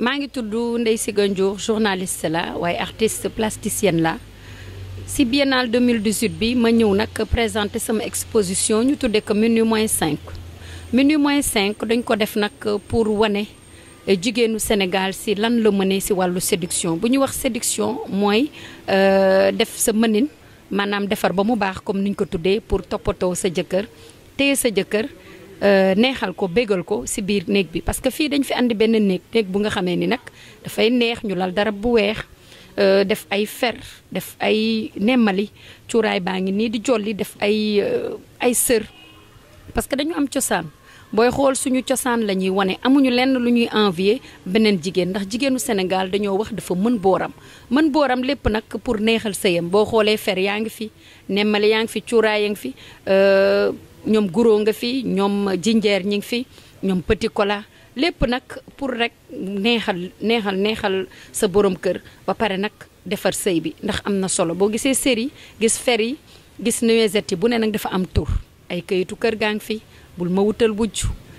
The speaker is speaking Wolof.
Je suis Ndey Ndeye journaliste la artiste plasticienne la si biennale 2018 bi ma ñëw nag présenté sama exposition ñu tuddee ko menu moins 5. menu moins 5 dañ ko def nag pour wane eh, jigéenu Sénégal si lan la mënee si la séduction bu ñu wax séduction mooy euh, def sa mënin maanaam defar ba mu baax comme niñ ko fait, pour Topoto sa jëkkër téye sa jëkkër. Euh, neexal ko bégal ko si biir néeg bi parce que fii dañu fi andi benn néeg néeg bu nga xamee ni nag dafay neex ñu lal dara bu weex euh, def ay fer def ay nemmali cuuraay baa ngi nii di jolli def ay euh, ay sër parce que dañu am cosaan booy xool suñu cosaan la ñuy wane amuñu lenn lu ñuy envier beneen jigéen ndax jigéenu Sénégal dañoo wax dafa mën booram mën booram lépp nag pour neexal sëyam boo xoolee fer yaa ngi fi nemmale yaa ngi fi cuuraay yaa ngi fi euh, ñoom guro nga fi ñoom jinjeer ñi ngi fi ñoom petit lépp nag pour rek neexal neexal neexal sa borom kër ba pare nag defar sëy bi ndax am na solo boo gisee séri gis fer yi gis nuisette yi bu ne nag dafa am tur ay kayitu kër gaa ngi fi bul ma wutal wujj